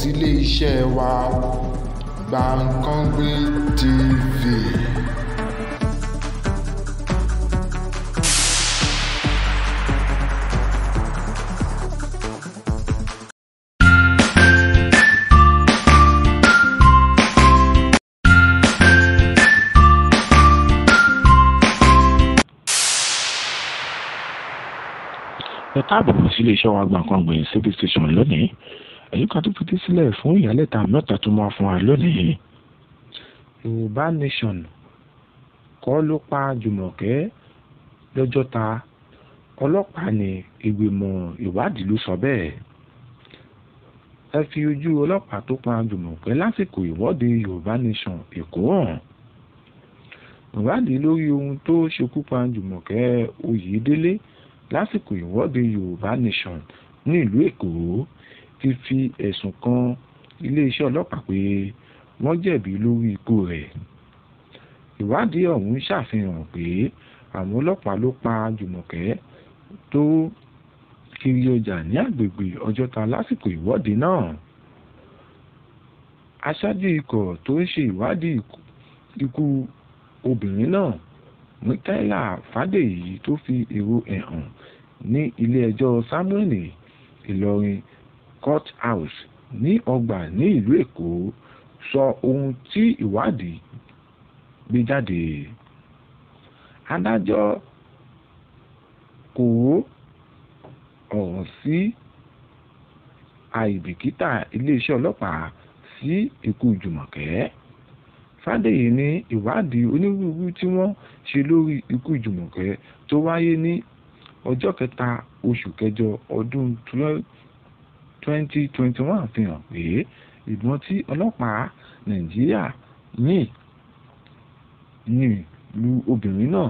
sílé iṣẹ́ wa Gbankanbi TV. ẹ káàbọ̀ sílé iṣẹ́ wa Gbankanbi service station lónìí èyí kan tó fetí sílẹ̀ fún ìyálẹ̀ta mẹ́ta tó máa fún wa lónìí. yorùbá nation kọ́ ló pa jùmọ̀kẹ́ lọ́jọ́ta ọlọ́pàá ní ìgbìmọ̀ ìwádìí ló sọ bẹ́ẹ̀. ẹ fi ojú ọlọ́pàá tó pa jùmọ̀kẹ́ lásìkò ìwọ́de yorùbá nation èkó hàn. ìwádìí lórí ohun tó ṣekú pa jùmọ̀kẹ́ oyèdélé lásìkò ìwọ́de yorùbá nation ní ìlú èkó ti fi ẹ̀sùn kan iléeṣẹ́ ọlọ́pàá pé wọ́n jẹ̀bi lórí ikú rẹ̀ ìwádìí ọ̀hún ṣàfihàn pé àwọn ọlọ́pàá ló pa Jùmọ̀kẹ́ tó kiri ọjà ní agbègbè Ọjọ́ta lásìkò ìwọ́de náà aṣáájú ikọ̀ tó ń ṣe ìwádìí ikú obìnrin náà Mikaela Fàdèyí tó fi èrò ẹ̀ hàn ní ilé ẹjọ́ Samuel Ìlọrin courthouse ní ọgbà ní ìlú èkó sọ ohun tí ìwádìí gbé jáde adájọ́ kò ọ̀rọ̀ sí àìbìkítà iléeṣẹ́ ọlọ́pàá sí ikú jùmọ̀kẹ́ fàdèyí ní ìwádìí onírúurú tí wọ́n ṣe lórí ikú jùmọ̀kẹ́ tó wáyé ní ọjọ́ kẹta oṣù kẹjọ ọdún twenty twenty twenty one fi hàn pé ìbọn tí ọlọ́pàá nàìjíríà yìn yìn lu obìnrin náà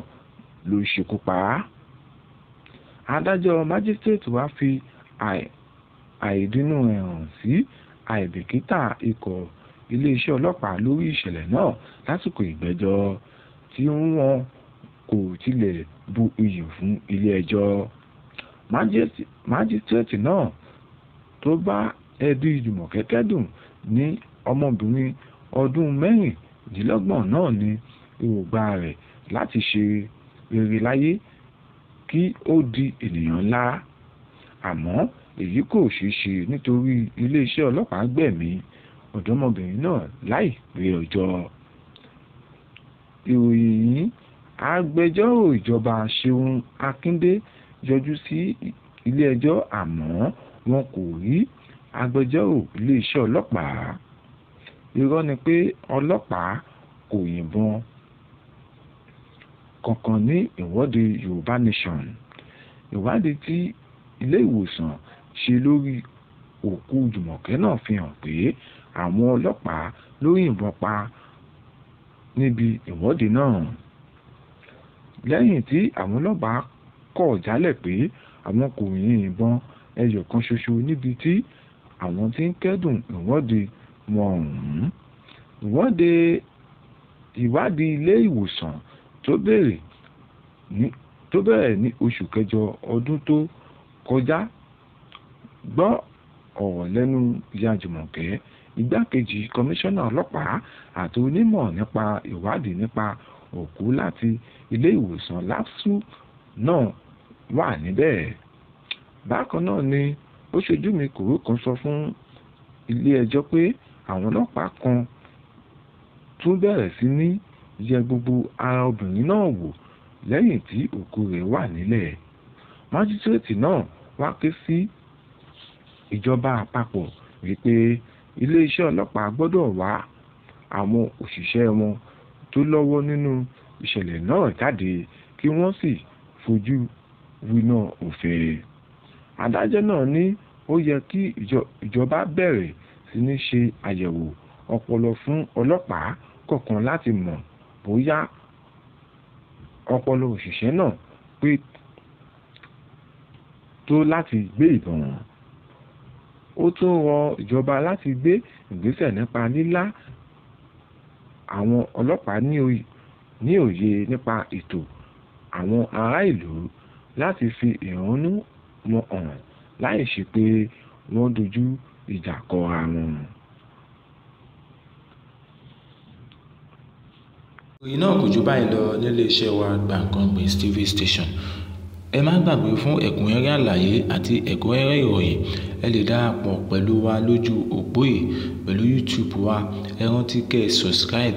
ló ṣekú pa á adájọ́ májísírèètì wá fi àìdínú ẹ̀ hàn sí àìbìkítà ikọ̀ iléeṣẹ́ ọlọ́pàá lórí ìṣẹ̀lẹ̀ náà lásìkò ìgbẹ́jọ́ tí wọ́n kò tilẹ̀ bu iyì fún ilé ẹjọ́ májísírèètì náà tó bá ẹbí jùmọ̀kẹ́ kẹ́dùn ní ọmọbìnrin ọdún mẹ́rìndínlọ́gbọ̀n náà ní èròǹgbà rẹ̀ láti ṣe rere láyé kí ó di ènìyàn ńlá àmọ́ èyí kò ṣeé ṣe nítorí iléeṣẹ́ ọlọ́pàá gbẹ̀mí ọ̀dọ́mọbìnrin náà láìpé ọjọ́ ìròyìn yìí agbẹjọ́rò ìjọba Ṣeun Akíndé yọjú sí ilé ẹjọ́ àmọ́ wọn kò rí agbẹjọ́rò iléeṣẹ́ ọlọ́pàá irọ́ ni pé ọlọ́pàá kò yìnbọn kankan ní ìwọ́de Yorùbá Nation ìwádìí tí ilé ìwòsàn ṣe lórí òkú Jùmọ̀kẹ́ náà fi hàn pé àwọn ọlọ́pàá ló yìnbọn pa níbi ìwọ́de náà lẹ́yìn tí àwọn ọlọ́pàá kọ̀ jálẹ̀ pé àwọn kò yìn ìbọn ẹyọ kan ṣoṣo níbi tí àwọn ti ń kẹ́dùn ìwọ́de wọn ọ̀hún ìwọ́de ìwádìí ilé ìwòsàn tó bẹ̀rẹ̀ ní oṣù kẹjọ ọdún tó kọjá gbọ́ ọ̀rọ̀ lẹ́nu ìyá Jùmọ̀kẹ́ igbákejì kọmíṣánná ọlọ́pàá àti onímọ̀ nípa ìwádìí nípa òkú láti ilé ìwòsàn LASU náà wà níbẹ̀ bákan náà ni ó ṣojú mi kòró kan sọ fún ilé ẹjọ́ pé àwọn ọlọ́pàá kan tún bẹ̀rẹ̀ sí ní yẹ gbogbo ara obìnrin náà wò lẹ́yìn tí òkú rẹ̀ wà nílẹ̀ májísírèètì náà wá ké sí ìjọba àpapọ̀ wípé iléeṣẹ́ ọlọ́pàá gbọ́dọ̀ wá àwọn òṣìṣẹ́ wọn tó lọ́wọ́ nínú ìṣẹ̀lẹ̀ náà jáde kí wọ́n sì fojú winá òfin adájọ́ náà ní ó yẹ kí ìjọba bẹ̀rẹ̀ sí ní ṣe àyẹ̀wò ọpọlọ fún ọlọ́pàá kọ̀ọ̀kan láti mọ̀ bóyá ọpọlọ òṣìṣẹ́ náà pé tó láti gbé ìbọn ó tún rọ ìjọba láti gbé ìgbésẹ̀ nípa lílá àwọn ọlọ́pàá ní òye nípa ètò àwọn ará ìlú láti fi ìrònú wọn hàn láì ṣe pé wọ́n dojú ìjà kọ ara wọn. ìròyìn náà kò jù báyìí lọ nílé wa Gbankanbi TV station ẹ má gbàgbé fún ẹ̀kúnrẹ́rẹ́ àlàyé àti ẹ̀kúnrẹ́rẹ́ ìròyìn ẹ lè darapọ̀ pẹ̀lú wa lójú òpó yìí pẹ̀lú YouTube wa ẹ rántí kẹ́ ẹ subscribe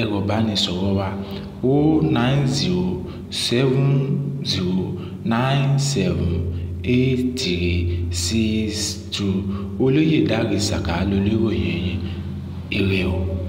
ẹ̀rọ ìbánisọ̀rọ̀ wa o oh nine zero seven zero nine seven eight three six two. Olóyèdárì Sàká lolóròyìn yín. Ire o.